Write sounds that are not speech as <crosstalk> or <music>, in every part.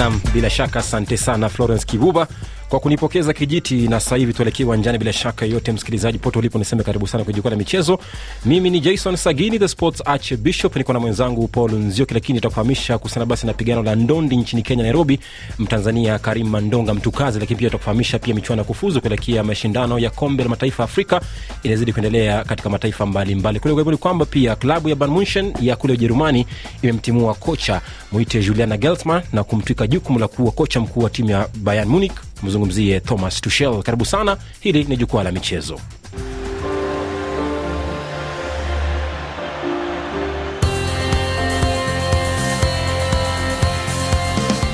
Nam, bila shaka asante sana Florence Kibuba kwa kunipokeza kijiti, na sasa hivi tuelekee uwanjani. Bila shaka yote msikilizaji pote ulipo, niseme karibu sana kwenye jukwaa la michezo. Mimi ni Jason Sagini, the sports archbishop, niko na mwenzangu Paul Nzioki, lakini nitakufahamisha kuhusiana basi na pigano la ndondi nchini Kenya, Nairobi. Mtanzania Karim Mandonga kazi lakini pia tutakufahamisha pia michuano ya kufuzu kuelekea mashindano ya kombe la mataifa Afrika inazidi kuendelea katika mataifa mbalimbali kule. Kwa ni kwamba pia klabu ya Bayern Munchen ya kule Ujerumani imemtimua kocha mwite juliana gelsma na kumtwika jukumu la kuwa kocha mkuu wa timu ya Bayern Munich tumzungumzie Thomas Tuchel. Karibu sana, hili ni jukwaa la michezo.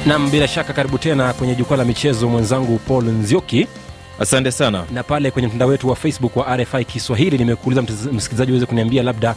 Nam, bila shaka karibu tena kwenye jukwaa la michezo, mwenzangu Paul Nzioki. Asante sana. Na pale kwenye mtandao wetu wa Facebook wa RFI Kiswahili, nimekuuliza msikilizaji uweze kuniambia labda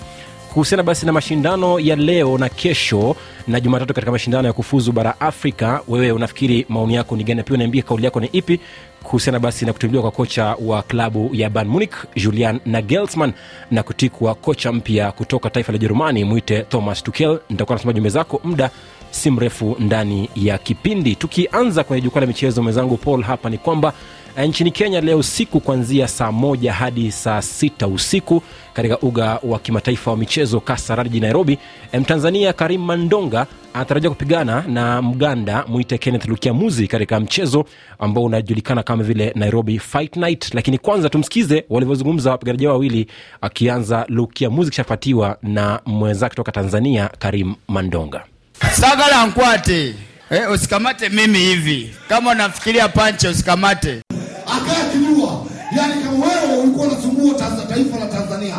kuhusiana basi na mashindano ya leo na kesho na Jumatatu katika mashindano ya kufuzu bara Afrika, wewe unafikiri maoni yako ni gani? Na pia unaambia kauli yako ni ipi kuhusiana basi na kutumbiwa kwa kocha wa klabu ya ban Munich Julian nagelsman na kutikwa kocha mpya kutoka taifa la Jerumani mwite Thomas tukel Nitakuwa nasoma jumbe zako muda si mrefu ndani ya kipindi. Tukianza kwenye jukwaa la michezo, mwenzangu Paul hapa ni kwamba eh, nchini Kenya leo usiku kuanzia saa moja hadi saa sita usiku katika uga wa kimataifa wa michezo Kasarani Nairobi, eh, Mtanzania Karim Mandonga anatarajia kupigana na Mganda mwite Kenneth Lukiamuzi katika mchezo ambao unajulikana kama vile Nairobi Fight Night. Lakini kwanza tumsikize walivyozungumza wapiganaji wawili, akianza Lukiamuzi kishafuatiwa na mwenzake kutoka Tanzania Karim Mandonga. Sagala nkwate eh, usikamate mimi hivi. Kama unafikiria panche usikamate. Akajua Yaani kama wewe ulikuwa unasumbua taifa la Tanzania,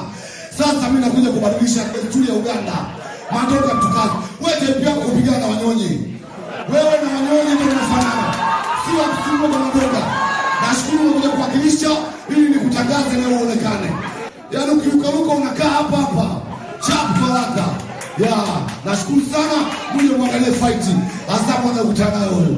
sasa mimi nakuja kubadilisha desturi ya Uganda. Matoka mtukazi wewe, pia kupigana na wanyonyi, wewe na wanyonyi ndio unafanana, si kwa madoka. Nashukuru kwa kuwakilisha ili nikutangaze leo uonekane, yani ukirukaruka unakaa hapa hapa chapu baraka ya nashukuru sana, muje mwangalie fighting. fight Azam anakutana nayo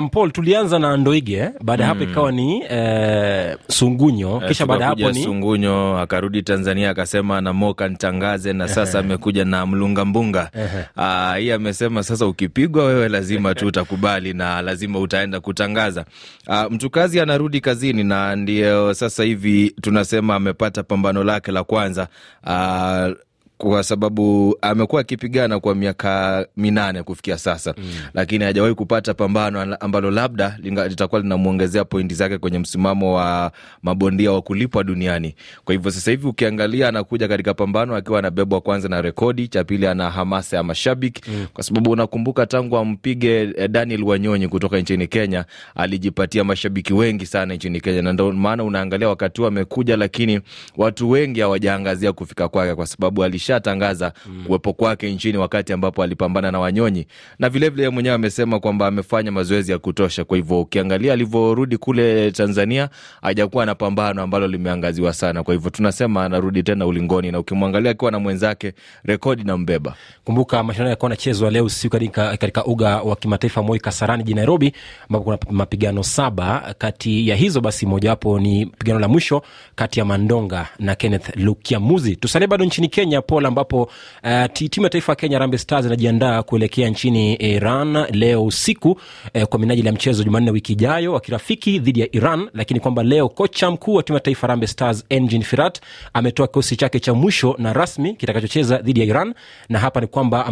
na tulianza na Ndoige baada ya mm. hapo hmm. ikawa ni e, Sungunyo eh, kisha baada hapo ni Sungunyo akarudi Tanzania akasema namoka nitangaze na sasa amekuja na mbunga ah, hii amesema sasa ukipigwa wewe lazima tu utakubali na lazima utaenda kutangaza. Ah, mtu kazi anarudi kazini na ndio sasa hivi tunasema amepata pambano lake la kwanza uh, kwa sababu amekuwa akipigana kwa miaka minane kufikia sasa mm. Lakini hajawahi kupata pambano ambalo labda litakuwa linamwongezea pointi zake kwenye msimamo wa mabondia wa kulipwa duniani. Kwa hivyo sasa hivi ukiangalia, anakuja katika pambano akiwa anabebwa kwanza na rekodi, cha pili ana hamasa ya mashabiki mm. Kwa sababu unakumbuka tangu ampige eh, Daniel Wanyonyi kutoka nchini Kenya alijipatia mashabiki wengi sana nchini Kenya, na ndo maana unaangalia wakati huu amekuja, lakini watu wengi hawajaangazia kufika kwake kwa sababu ali alishatangaza mm. kuwepo kwake nchini wakati ambapo alipambana na Wanyonyi, na vilevile yeye mwenyewe amesema kwamba amefanya mazoezi ya kutosha. Kwa hivyo ukiangalia alivyorudi kule Tanzania hajakuwa na pambano ambalo limeangaziwa sana, kwa hivyo tunasema anarudi tena ulingoni, na ukimwangalia akiwa na mwenzake, rekodi na mbeba. Kumbuka mashindano yalikuwa yanachezwa leo usiku katika, katika uga wa kimataifa Moi Kasarani jijini Nairobi, ambapo kuna mapigano saba. Kati ya hizo basi mojawapo ni pigano la mwisho kati ya Mandonga na Kenneth Lukiamuzi. Tusalie bado nchini Kenya po Interpol ambapo uh, timu ya taifa ya Kenya Harambee Stars inajiandaa kuelekea nchini Iran leo usiku eh, kwa minajili ya mchezo Jumanne wiki ijayo wa kirafiki dhidi ya Iran, lakini kwamba leo kocha mkuu wa timu ya taifa Harambee Stars Engin Firat ametoa kikosi chake cha mwisho na rasmi kitakachocheza dhidi ya Iran, na hapa ni kwamba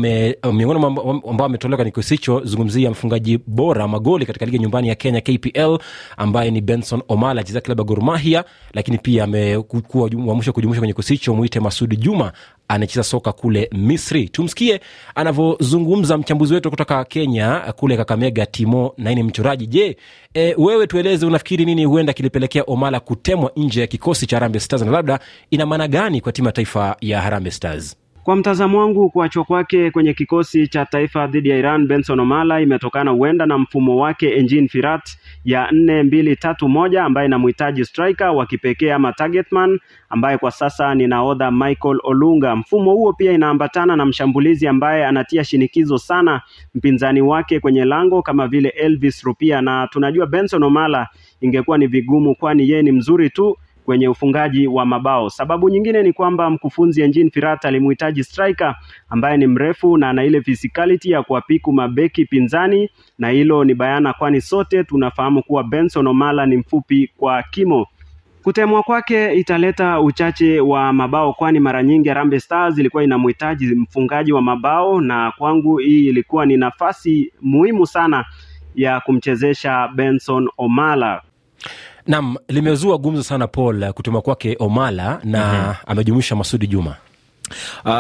miongoni ambao ametolewa kwenye kikosi hicho, zungumzia mfungaji bora magoli katika ligi nyumbani ya Kenya KPL ambaye ni Benson Omala achezea klabu ya Gor Mahia, lakini pia amekuwa wa mwisho kujumuishwa kwenye kikosi hicho, mwite Masudi Juma anacheza soka kule Misri. Tumsikie anavyozungumza mchambuzi wetu kutoka Kenya kule Kakamega, Timo Naini Mchoraji. Je, e, wewe tueleze, unafikiri nini huenda kilipelekea Omala kutemwa nje ya kikosi cha Harambee Stars na labda ina maana gani kwa timu ya taifa ya Harambee Stars? Kwa mtazamo wangu, kuachwa kwake kwenye kikosi cha taifa dhidi ya Iran, Benson Omala, imetokana huenda na mfumo wake Engin Firat ya nne mbili tatu moja ambaye inamhitaji striker wa kipekee ama man ambaye kwa sasa ni nahodha Michael Olunga. Mfumo huo pia inaambatana na mshambulizi ambaye anatia shinikizo sana mpinzani wake kwenye lango kama vile Elvis Rupia, na tunajua Benson Omala ingekuwa ni vigumu, kwani yeye ni mzuri tu kwenye ufungaji wa mabao. Sababu nyingine ni kwamba mkufunzi Engin Firat alimhitaji striker ambaye ni mrefu na ana ile physicality ya kuwapiku mabeki pinzani, na hilo ni bayana, kwani sote tunafahamu kuwa Benson Omala ni mfupi kwa kimo. Kutemwa kwake italeta uchache wa mabao, kwani mara nyingi Harambee Stars ilikuwa inamhitaji mfungaji wa mabao, na kwangu hii ilikuwa ni nafasi muhimu sana ya kumchezesha Benson Omala nam limezua gumzo sana Paul eh, kutuma kwake Omala na mm-hmm. amejumuisha Masudi Juma Uh,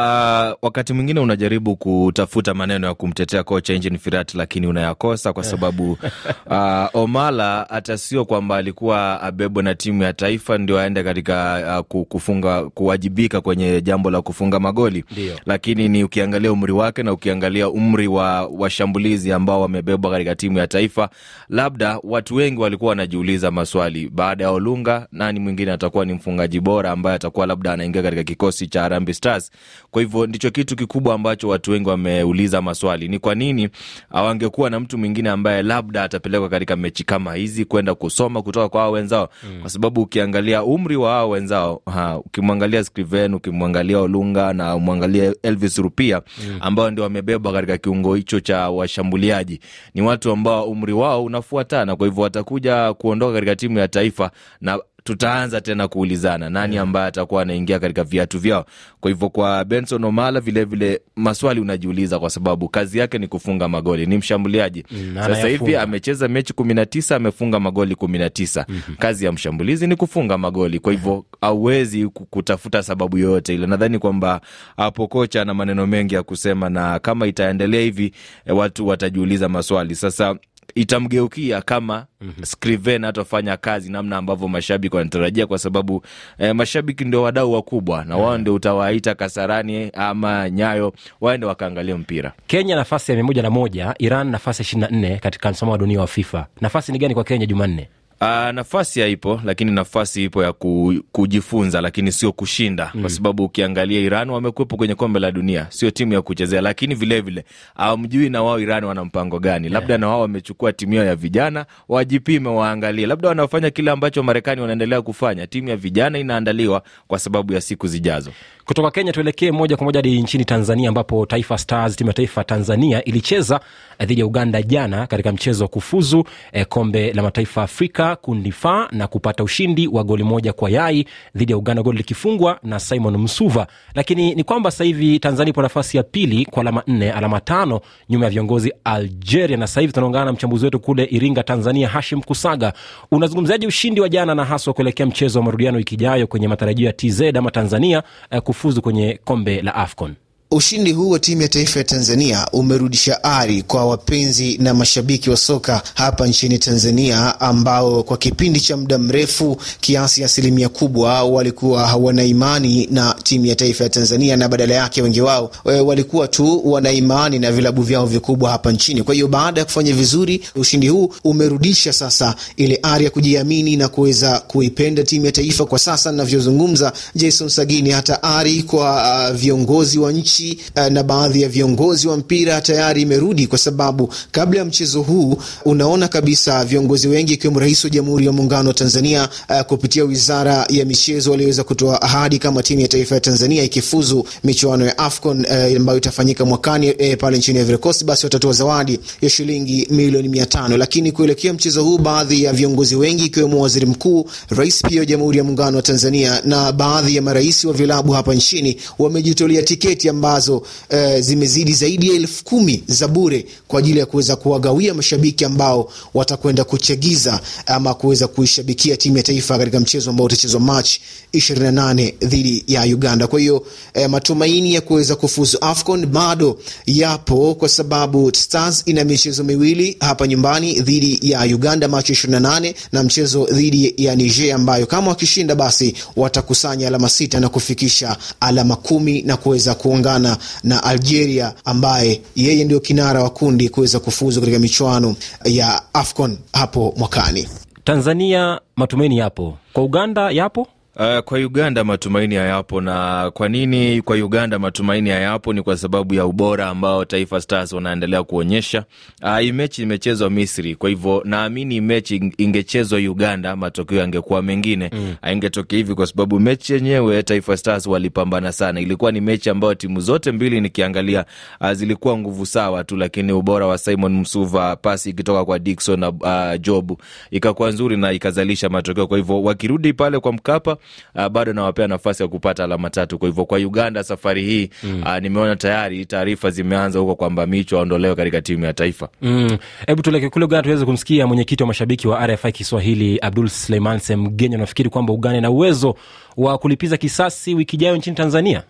wakati mwingine unajaribu kutafuta maneno ya kumtetea kocha Engin Firat lakini unayakosa kwa sababu uh, <laughs> Omala hata sio kwamba alikuwa abebwe na timu ya taifa ndio aende katika uh, kufunga kuwajibika kwenye jambo la kufunga magoli Dio. Lakini ni ukiangalia umri wake na ukiangalia umri wa washambulizi ambao wamebebwa katika timu ya taifa, labda watu wengi walikuwa wanajiuliza maswali baada ya Olunga, nani mwingine atakuwa ni mfungaji bora ambaye atakuwa labda anaingia katika kikosi cha Harambee Stars kazi. Kwa hivyo ndicho kitu kikubwa ambacho watu wengi wameuliza maswali, ni kwa nini awangekuwa ah, na mtu mwingine ambaye labda atapelekwa katika mechi kama hizi kwenda kusoma kutoka kwa hao wenzao mm. kwa sababu ukiangalia umri wa hao wenzao ha, ukimwangalia Scriven, ukimwangalia Olunga na umwangalia Elvis Rupia mm. ambao ndio wamebeba katika kiungo hicho cha washambuliaji, ni watu ambao umri wao unafuatana, kwa hivyo watakuja kuondoka katika timu ya taifa na tutaanza tena kuulizana nani ambaye atakuwa anaingia katika viatu vyao. Kwa hivyo kwa Benson Omala vilevile vile, maswali unajiuliza, kwa sababu kazi yake ni kufunga magoli, ni mshambuliaji. Mm, sasa hivi amecheza mechi kumi na tisa, amefunga magoli kumi na tisa. Mm-hmm. Kazi ya mshambulizi ni kufunga magoli, kwa hivyo hauwezi kutafuta sababu yoyote ile. Nadhani kwamba hapo kocha ana maneno mengi ya kusema, na kama itaendelea hivi eh, watu watajiuliza maswali sasa itamgeukia kama skriven hmm Scriven hatafanya kazi namna ambavyo mashabiki wanatarajia, kwa sababu eh, mashabiki ndio wadau wakubwa na wao mhm. ndio utawaita Kasarani ama Nyayo waende wakaangalia mpira. Kenya nafasi ya mia moja na moja, Iran nafasi ya ishirini na nne katika msamaha wa dunia wa FIFA. Nafasi ni gani kwa Kenya Jumanne? Uh, nafasi haipo lakini nafasi ipo ya ku, kujifunza lakini sio kushinda mm. Kwa sababu ukiangalia Iran wamekuwepo kwenye kombe la dunia, sio timu ya kuchezea, lakini vilevile hawamjui na wao Iran wana mpango gani yeah. Labda na wao wamechukua timu yao ya vijana wajipime, waangalie labda wanafanya kile ambacho Marekani wanaendelea kufanya. Timu ya vijana inaandaliwa kwa sababu ya siku zijazo. Kutoka Kenya tuelekee moja kwa moja hadi nchini Tanzania, ambapo Taifa Stars, timu ya taifa Tanzania, ilicheza eh, dhidi ya Uganda jana katika mchezo wa kufuzu eh, kombe la mataifa Afrika kundifa na kupata ushindi wa goli moja kwa yai dhidi ya Uganda, goli likifungwa na Simon Msuva. Lakini ni kwamba sasa hivi Tanzania ipo nafasi ya pili kwa alama nne, alama tano nyuma ya viongozi Algeria. Na sahivi tunaungana na mchambuzi wetu kule Iringa, Tanzania, Hashim Kusaga. unazungumziaji ushindi wa jana na haswa kuelekea mchezo wa marudiano wiki ijayo kwenye matarajio ya TZ ama Tanzania eh, kufuzu kwenye kombe la AFCON. Ushindi huu wa timu ya taifa ya Tanzania umerudisha ari kwa wapenzi na mashabiki wa soka hapa nchini Tanzania, ambao kwa kipindi cha muda mrefu kiasi ya asilimia kubwa walikuwa hawana imani na timu ya taifa ya Tanzania, na badala yake wengi wao e, walikuwa tu wana imani na vilabu vyao vikubwa hapa nchini. Kwa hiyo baada ya kufanya vizuri, ushindi huu umerudisha sasa ile ari ya kujiamini na kuweza kuipenda timu ya taifa. Kwa sasa ninavyozungumza, Jason Sagini, hata ari kwa uh, viongozi wa nchi kati na baadhi ya viongozi wa mpira tayari imerudi, kwa sababu kabla ya mchezo huu unaona kabisa viongozi wengi ikiwemo Rais wa Jamhuri ya Muungano wa Tanzania eh, kupitia Wizara ya Michezo waliweza kutoa ahadi kama timu ya taifa ya Tanzania ikifuzu michuano ya AFCON eh, ambayo itafanyika mwakani eh, pale nchini Ivory Coast, basi watatoa zawadi ya shilingi milioni mia tano. Lakini kuelekea mchezo huu baadhi ya viongozi wengi ikiwemo Waziri Mkuu, Rais pia wa Jamhuri ya Muungano wa Tanzania na baadhi ya marais wa vilabu hapa nchini wamejitolea tiketi ambayo ambazo e, zimezidi zaidi ya elfu kumi za bure kwa ajili ya kuweza kuwagawia mashabiki ambao watakwenda kuchagiza ama kuweza kuishabikia timu ya taifa katika mchezo ambao utachezwa Machi 28 dhidi ya Uganda. Kwa hiyo e, matumaini ya kuweza kufuzu AFCON bado yapo kwa sababu Stars ina michezo miwili hapa nyumbani dhidi ya Uganda Machi 28 na mchezo dhidi ya Niger ambayo kama wakishinda basi watakusanya alama sita na kufikisha alama kumi na kuweza kuungana kumenyana na Algeria ambaye yeye ndio kinara wa kundi kuweza kufuzu katika michuano ya AFCON hapo mwakani. Tanzania matumaini yapo, kwa Uganda yapo Uh, kwa Uganda matumaini hayapo. Na kwa nini kwa Uganda matumaini hayapo? Ni kwa sababu ya ubora ambao Taifa Stars wanaendelea kuonyesha. Uh, hii mechi imechezwa Misri, kwa hivyo naamini mechi ingechezwa Uganda, matokeo yangekuwa mengine, mm. aingetokea hivi, kwa sababu mechi yenyewe Taifa Stars walipambana sana. Ilikuwa ni mechi ambayo timu zote mbili nikiangalia, uh, zilikuwa nguvu sawa tu, lakini ubora wa Simon Msuva, pasi ikitoka kwa Dickson na uh, Jobu ikakuwa nzuri na ikazalisha matokeo. Kwa hivyo wakirudi pale kwa Mkapa uh, bado nawapea nafasi ya kupata alama tatu. Kwa hivyo kwa Uganda safari hii mm. uh, nimeona tayari taarifa zimeanza huko kwamba Micho aondolewe katika timu ya taifa. Mm. Hebu mm. tuleke kule Uganda tuweze kumsikia mwenyekiti wa mashabiki wa RFI Kiswahili Abdul Suleiman Semgenya. Nafikiri kwamba Uganda ina uwezo wa kulipiza kisasi wiki ijayo nchini Tanzania.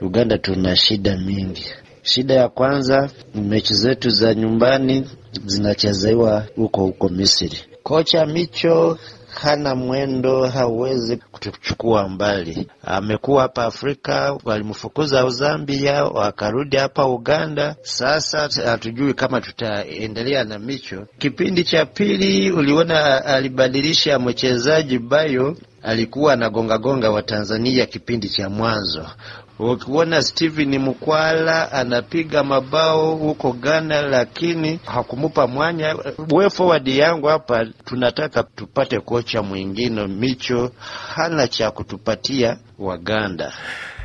Uganda tuna shida mingi. Shida ya kwanza mechi zetu za nyumbani zinachezewa huko huko Misri. Kocha Micho hana mwendo, hawezi kutuchukua mbali. Amekuwa hapa Afrika, walimfukuza Zambia, wakarudi hapa Uganda. Sasa hatujui kama tutaendelea na Micho. Kipindi cha pili uliona alibadilisha mchezaji Bayo alikuwa anagongagonga wa Tanzania kipindi cha mwanzo. Ukiona Steven Mukwala anapiga mabao huko Ghana, lakini hakumupa mwanya we forward yangu hapa. Tunataka tupate kocha mwingine, Micho hana cha kutupatia Waganda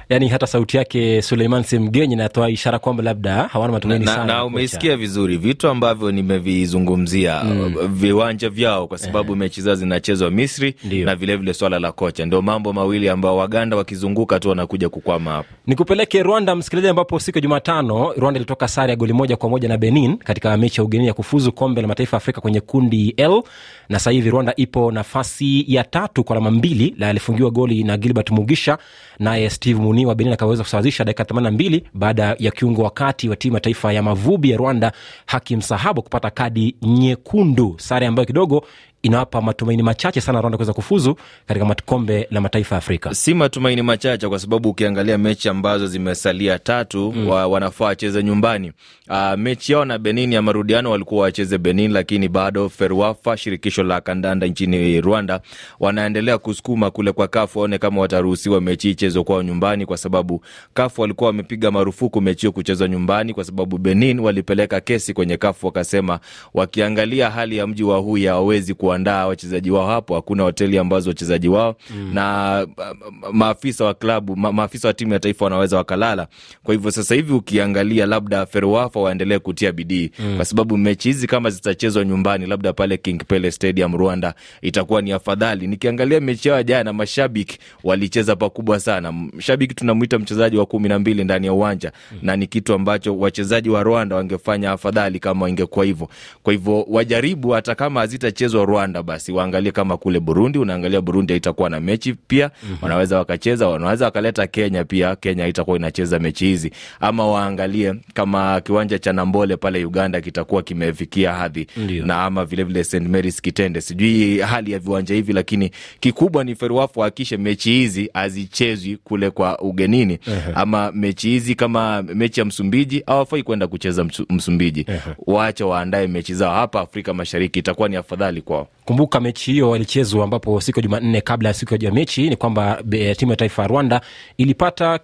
yani hata sauti yake Suleiman Semgenyi natoa ishara kwamba labda hawana matumaini sana. Na, na umeisikia vizuri vitu ambavyo nimevizungumzia mm. viwanja vyao, kwa eh. sababu uh -huh. mechi zao zinachezwa Misri Ndiyo. na vilevile vile swala la kocha, ndio mambo mawili ambao Waganda wakizunguka tu wanakuja kukwama hapo. Nikupeleke Rwanda, msikilizaji, ambapo siku ya Jumatano Rwanda ilitoka sare ya goli moja kwa moja na Benin katika mechi ya ugeni ya kufuzu kombe la mataifa Afrika kwenye kundi L, na sasa hivi Rwanda ipo nafasi ya tatu kwa alama mbili, na alifungiwa goli na Gilbert Mugisha naye Steve alimuniwa benin akaweza kusawazisha dakika themani na mbili baada ya kiungo wakati wa timu ya taifa ya mavubi ya rwanda hakim sahabo kupata kadi nyekundu sare ambayo kidogo inawapa matumaini machache sana Rwanda kuweza kufuzu katika kombe la mataifa ya Afrika. Si matumaini machache, kwa sababu ukiangalia mechi ambazo zimesalia tatu, mm. wa, wanafaa wacheze nyumbani. Uh, mechi yao na Benin ya marudiano walikuwa wacheze Benin, lakini bado FERWAFA, shirikisho la kandanda nchini Rwanda, wanaendelea kusukuma kule kwa KAFU waone kama wataruhusiwa mechi ichezwe kwao nyumbani, kwa sababu KAFU walikuwa wamepiga marufuku mechi hiyo kuchezwa nyumbani, kwa sababu Benin walipeleka kesi kwenye KAFU wakasema, wakiangalia hali ya mji wa Huye hawawezi kuwa kuandaa wachezaji wao hapo. Hakuna hoteli ambazo wachezaji wao mm. na uh, maafisa wa klabu ma, maafisa wa timu ya taifa wanaweza wakalala. Kwa hivyo sasa hivi ukiangalia, labda Ferwafa waendelee kutia bidii mm. kwa sababu mechi hizi kama zitachezwa nyumbani, labda pale King Pele Stadium Rwanda, itakuwa ni afadhali. Nikiangalia mechi yao jana, mashabiki walicheza pakubwa sana. Mshabiki tunamwita mchezaji wa kumi na mbili ndani ya uwanja mm. na ni kitu ambacho wachezaji wa Rwanda wangefanya afadhali kama ingekuwa hivyo. Kwa hivyo wajaribu hata kama hazitachezwa Rwanda Rwanda, basi waangalie kama kule Burundi, unaangalia Burundi haitakuwa na mechi pia mm-hmm. wanaweza wakacheza, wanaweza wakaleta Kenya pia, Kenya haitakuwa inacheza mechi hizi, ama waangalie kama kiwanja cha Nambole pale Uganda kitakuwa kimefikia hadhi Ndiyo. na ama vilevile vile St Mary's Kitende, sijui hali ya viwanja hivi, lakini kikubwa ni Ferwafa hakishe mechi hizi hazichezwi kule kwa ugenini uh-huh. ama mechi hizi kama mechi ya Msumbiji hawafai kwenda kucheza Msumbiji uh-huh. waache waandae mechi zao hapa Afrika Mashariki, itakuwa ni afadhali kwao. Kumbuka mechi hiyo ilichezwa ambapo siku ya Jumanne kabla ya siku ya mechi ni kwamba timu ya taifa ya Rwanda ilipata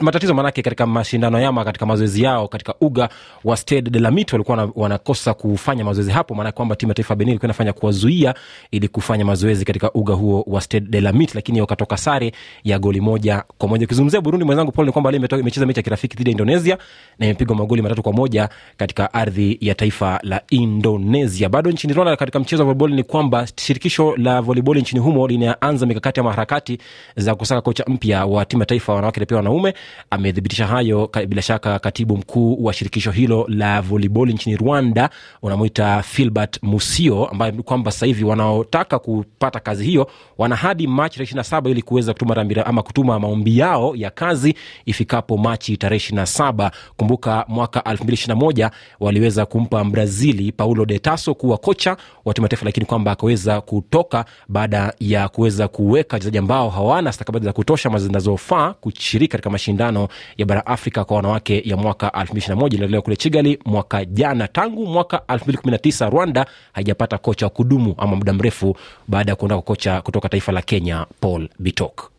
matatizo manake katika mashindano yama katika mazoezi yao katika uga wa Stade de la Mito walikuwa wanakosa kufanya mazoezi hapo, maanake kwamba timu ya taifa ya Benin ilikuwa inafanya kuwazuia ili kufanya mazoezi katika uga huo wa Stade de la Mito, lakini wakatoka sare ya goli moja kwa moja. Ukizungumzia Burundi, mwenzangu Paul, ni kwamba leo imecheza mechi ya kirafiki dhidi ya Indonesia na imepigwa magoli matatu kwa moja katika ardhi ya taifa la Indonesia. Bado nchini Rwanda katika mchezo voleboli ni kwamba shirikisho la voleboli nchini humo linaanza mikakati ama harakati za kusaka kocha mpya wa timu ya taifa wanawake na pia wanaume. Amethibitisha hayo bila shaka katibu mkuu wa shirikisho hilo la voleboli nchini Rwanda, unamwita Filbert Musio, ambaye kwamba sasa hivi wanaotaka kupata kazi hiyo wana hadi Machi tarehe 27 ili kuweza kutuma rambira ama kutuma maombi yao ya kazi ifikapo Machi tarehe 27. Kumbuka mwaka 2021 waliweza kumpa Mbrazili Paulo de Tasso kuwa kocha wa timu kimataifa, lakini kwamba akaweza kutoka baada ya kuweza kuweka wachezaji ambao hawana stakabadhi za kutosha ma zinazofaa kushiriki katika mashindano ya bara Afrika kwa wanawake ya mwaka 2021 iliyotolewa kule Kigali mwaka jana. Tangu mwaka 2019 Rwanda haijapata kocha wa kudumu ama muda mrefu baada ya kuondoka kocha kutoka taifa la Kenya Paul Bitok.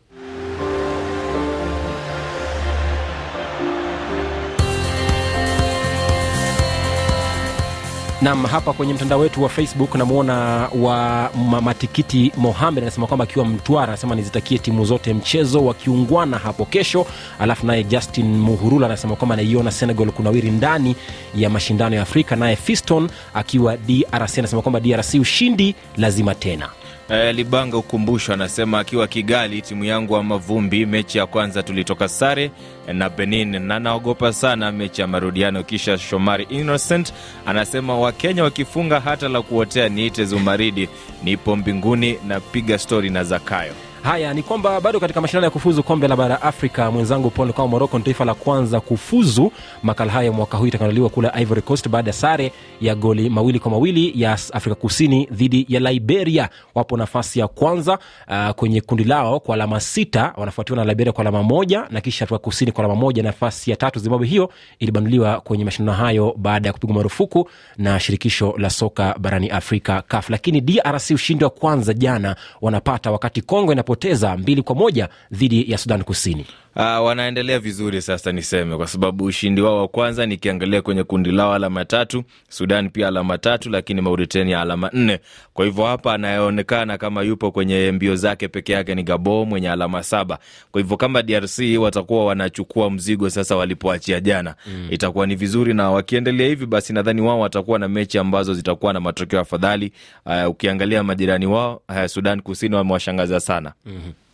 Nam hapa kwenye mtandao wetu wa Facebook namwona wa Matikiti Mohamed anasema kwamba akiwa Mtwara, anasema nizitakie timu zote mchezo wakiungwana hapo kesho. Alafu naye Justin Muhurula anasema kwamba anaiona Senegal kunawiri ndani ya mashindano ya Afrika. Naye Fiston akiwa DRC anasema kwamba DRC ushindi lazima tena. Eh, Libanga ukumbusho anasema akiwa Kigali, timu yangu wa Mavumbi, mechi ya kwanza tulitoka sare eh, na Benin na naogopa sana mechi ya marudiano. Kisha Shomari Innocent anasema Wakenya wakifunga hata la kuotea niite Zumaridi, nipo mbinguni, napiga stori na Zakayo. Haya ni kwamba bado katika mashindano ya kufuzu kombe la bara Afrika, mwenzangu Paul kama moroko ni taifa la kwanza kufuzu makala haya mwaka huu itakaandaliwa kule Ivory Coast baada ya sare ya goli mawili kwa mawili ya Afrika Kusini dhidi ya Liberia. Wapo nafasi ya kwanza uh, kwenye kundi lao kwa alama sita, wanafuatiwa na Liberia kwa alama moja na kisha Afrika Kusini kwa alama moja. Nafasi ya tatu Zimbabwe hiyo ilibanduliwa kwenye mashindano hayo baada ya kupigwa marufuku na shirikisho la soka barani Afrika kaf Lakini DRC ushindi wa kwanza jana wanapata wakati Kongo inapo kupoteza mbili kwa moja dhidi ya Sudan Kusini. Uh, wanaendelea vizuri sasa niseme, kwa sababu ushindi wao wa kwanza, nikiangalia kwenye kundi lao alama tatu, Sudan pia alama tatu, lakini Mauritania alama nne. Kwa hivyo hapa anayeonekana kama yupo kwenye mbio zake peke yake ni Gabo mwenye alama saba. Kwa hivyo kama DRC watakuwa wanachukua mzigo sasa walipoachia jana, mm. itakuwa ni vizuri, na wakiendelea hivi basi nadhani wao watakuwa na mechi ambazo zitakuwa na matokeo afadhali. Uh, ukiangalia majirani wao uh, Sudan Kusini wamewashangaza sana. mm -hmm.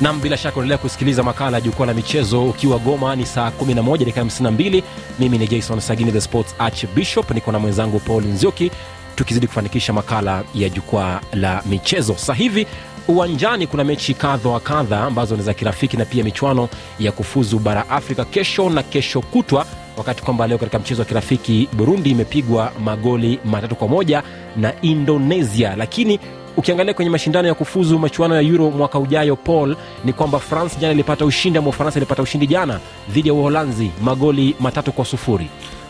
nam bila shaka unaendelea kusikiliza makala ya jukwaa la michezo ukiwa goma ni saa 11 dakika 52 mimi ni jason sagini the sports archbishop niko na mwenzangu paul nzioki tukizidi kufanikisha makala ya jukwaa la michezo sasa hivi uwanjani kuna mechi kadha wa kadha ambazo ni za kirafiki na pia michuano ya kufuzu bara afrika kesho na kesho kutwa wakati kwamba leo katika mchezo wa kirafiki burundi imepigwa magoli matatu kwa moja na indonesia lakini ukiangalia kwenye mashindano ya kufuzu machuano ya Euro mwaka ujayo, Paul, ni kwamba France jana ilipata ushindi ama Ufaransa ilipata ushindi jana dhidi ya Uholanzi magoli matatu kwa sufuri.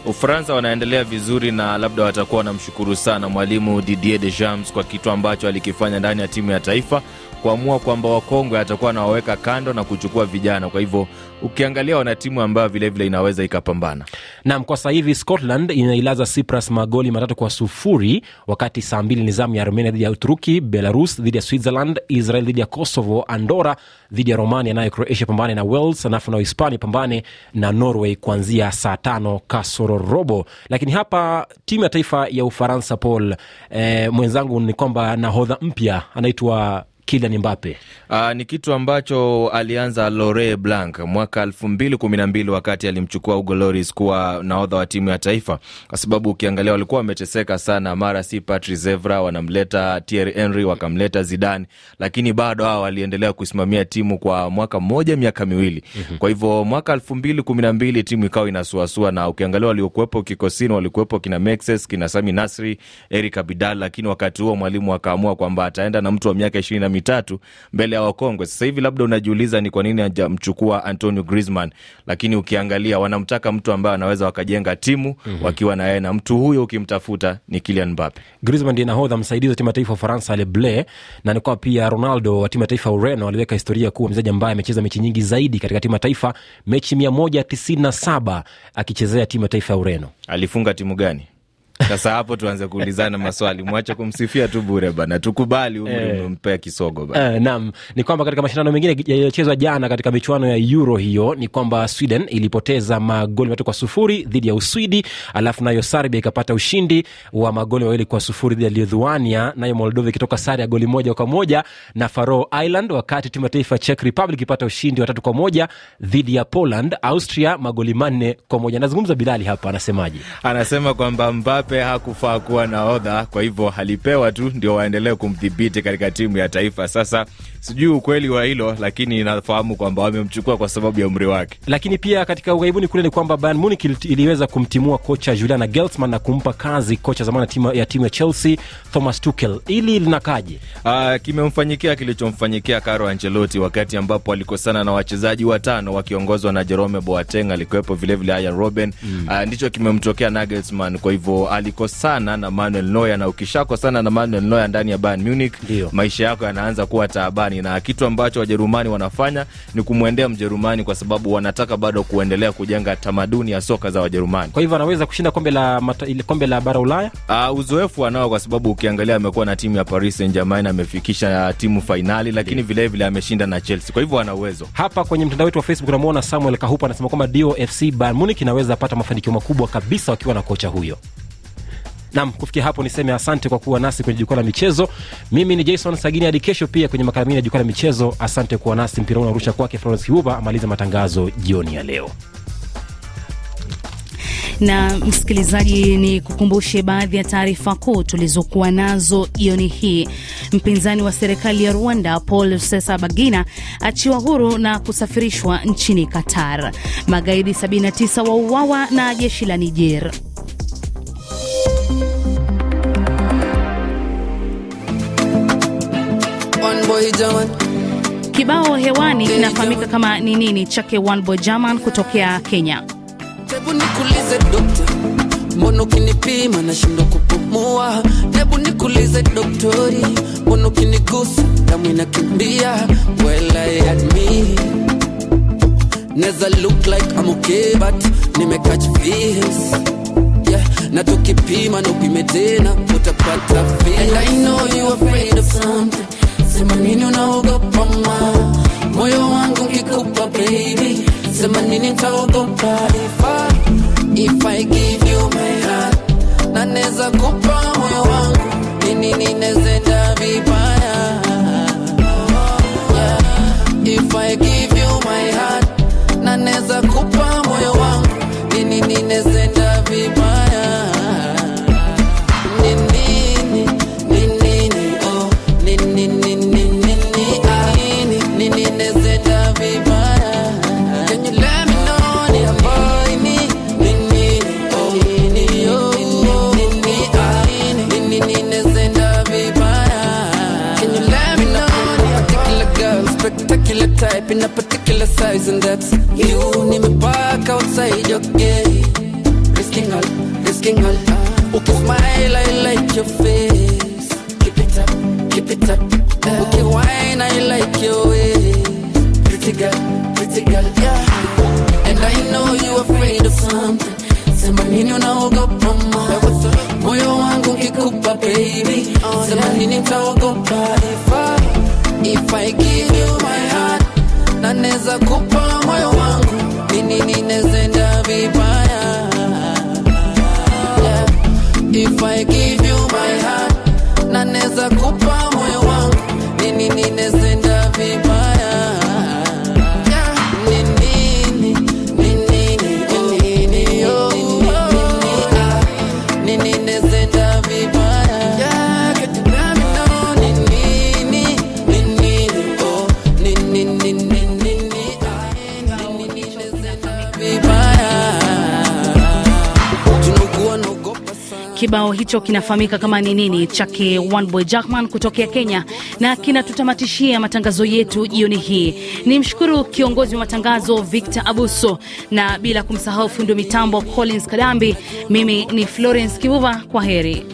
Ufaransa wanaendelea vizuri na labda watakuwa wanamshukuru sana mwalimu Didier de jams kwa kitu ambacho alikifanya ndani ya timu ya taifa, kuamua kwamba wakongwe atakuwa anawaweka kando na kuchukua vijana. Kwa hivyo ukiangalia wana timu ambayo vilevile inaweza ikapambana nam. Kwa sahivi hivi Scotland inailaza Cyprus magoli matatu kwa sufuri, wakati saa mbili ni zamu ya Armenia dhidi ya Uturuki, Belarus dhidi ya Switzerland, Israel dhidi ya Kosovo, Andora dhidi ya Romania, nayo Croatia pambane na wels alafu na uhispania pambane na Norway kuanzia saa tano kasoro robo. Lakini hapa timu ya taifa ya Ufaransa Paul, eh, mwenzangu ni kwamba nahodha mpya anaitwa Kylian Mbappe. Uh, ni kitu ambacho alianza Lore Blanc mwaka elfu mbili kumi na mbili wakati alimchukua Hugo Loris kuwa nahodha wa timu ya taifa, kwa sababu ukiangalia walikuwa wameteseka sana, mara si Patrice Evra wanamleta Thierry Henry, wakamleta Zidane, lakini bado hao waliendelea kusimamia timu kwa mwaka mmoja, miaka miwili. Mm-hmm. Kwa hivyo mwaka elfu mbili kumi na mbili timu ikawa inasuasua, na ukiangalia waliokuwepo kikosini walikuwepo kina Mexes, kina Sami Nasri, Eric Abidal, lakini wakati huo mwalimu akaamua kwamba ataenda na mtu wa miaka ishirini na mitatu mbele ya wakongwe. Sasa hivi labda unajiuliza ni kwa nini hajamchukua Antonio Griezmann, lakini ukiangalia wanamtaka mtu ambaye anaweza wakajenga timu mm-hmm. wakiwa na yeye, na mtu huyo ukimtafuta ni Kylian Mbappe. Griezmann ndiye nahodha msaidizi wa timu ya taifa ya Ufaransa, Le Bleu, na alikuwa pia Ronaldo wa timu ya taifa ya Ureno aliweka historia kuwa mchezaji ambaye amecheza mechi nyingi zaidi katika timu ya taifa, mechi 197 akichezea timu ya taifa ya Ureno. Alifunga timu gani? Sasa hapo tuanze kuulizana maswali, mwache kumsifia tu bure bana, tukubali umri eh, umempea kisogo bana. Eh, naam, ni kwamba katika mashindano mengine yaliyochezwa jana katika michuano ya Euro hiyo ni kwamba Sweden ilipoteza magoli matatu kwa sufuri dhidi ya Uswidi, alafu nayo Serbia ikapata ushindi wa magoli mawili kwa sufuri dhidi ya Lithuania, nayo Moldova ikitoka sare ya goli moja kwa moja na Faroe Island, wakati timu ya taifa Czech Republic ikipata ushindi wa tatu kwa moja dhidi ya Poland. Austria magoli manne kwa moja. Anazungumza Bilali hapa, anasemaje? Anasema kwamba Mbappe Mbape hakufaa kuwa nahodha, kwa hivyo alipewa tu ndio waendelee kumdhibiti katika timu ya taifa. Sasa sijui ukweli wa hilo, lakini nafahamu kwamba wamemchukua kwa sababu ya umri wake. Lakini pia katika ughaibuni kule ni kwamba Bayern Munich iliweza kumtimua kocha Julian Nagelsmann na kumpa kazi kocha zamani timu ya timu ya Chelsea Thomas Tuchel. Ili linakaje? Uh, kimemfanyikia kilichomfanyikia Carlo Ancelotti wakati ambapo alikosana na wachezaji watano wakiongozwa na Jerome Boateng, alikuwepo vilevile Arjen Robben mm. Uh, ndicho kimemtokea Nagelsmann, kwa hivyo alikosana na Manuel Neuer, na ukishakosana na Manuel Neuer ndani ya Bayern Munich maisha yako yanaanza kuwa taabani, na kitu ambacho Wajerumani wanafanya ni kumwendea Mjerumani kwa sababu wanataka bado kuendelea kujenga tamaduni ya soka za Wajerumani. Kwa hivyo anaweza kushinda kombe la, mata, kombe la bara Ulaya. Uh, uzoefu anao kwa sababu ukiangalia amekuwa na timu ya Paris Saint Germain, amefikisha timu fainali, lakini vilevile ameshinda na Chelsea, kwa hivyo ana uwezo. Hapa kwenye mtandao wetu wa Facebook unamwona Samuel Kahupa anasema kwamba DOFC Bayern Munich inaweza pata mafanikio makubwa kabisa wakiwa na kocha huyo. Nam, kufikia hapo niseme asante kwa kuwa nasi kwenye jukwaa la michezo. Mimi ni Jason Sagini, hadi kesho pia kwenye makala mengine ya jukwaa la michezo. Asante kuwa nasi. Mpira unarusha kwake Florence Kibuba amaliza matangazo jioni ya leo na msikilizaji, ni kukumbushe baadhi ya taarifa kuu tulizokuwa nazo jioni hii. Mpinzani wa serikali ya Rwanda Paul Rusesabagina achiwa huru na kusafirishwa nchini Qatar. Magaidi 79 wauawa na jeshi la Niger. Kibao hewani kinafahamika kama ni nini chake One Boy German kutokea Kenya. Hebu nikulize dokta, mbona ukinipima nashindwa kupumua? Hebu nikulize doktori, mbona ukinigusa damu inakimbia? Well, I admit neza look like I'm okay but feels na tukipima na upime tena utapata moyo wangu ngikupa baby, sema nini nitaogopa if I, na neza kupa moyo wangu nini nezenda vibaya horizon depths. You need me back outside your gate. Risking all, risking all. Ah. Okay, smile, I like your face. Keep it up, keep it up. Okay, wine, I like your ways. Pretty girl, pretty girl, yeah. And I know you are afraid of something. Sema nini unaogopa mama Moyo wangu kikupa baby oh, Sema nini utaogopa If I, if I give you my aneza kupa moyo wangu nini ninezenda vibaya yeah. if I give you my heart naneza kupa moyo wangu nini ninezenda Kibao hicho kinafahamika kama ni nini chake One Boy Jackman kutokea Kenya, na kinatutamatishia matangazo yetu jioni hii. Ni mshukuru kiongozi wa matangazo Victor Abuso, na bila kumsahau fundo mitambo Collins Kadambi. Mimi ni Florence kibuva kwa heri.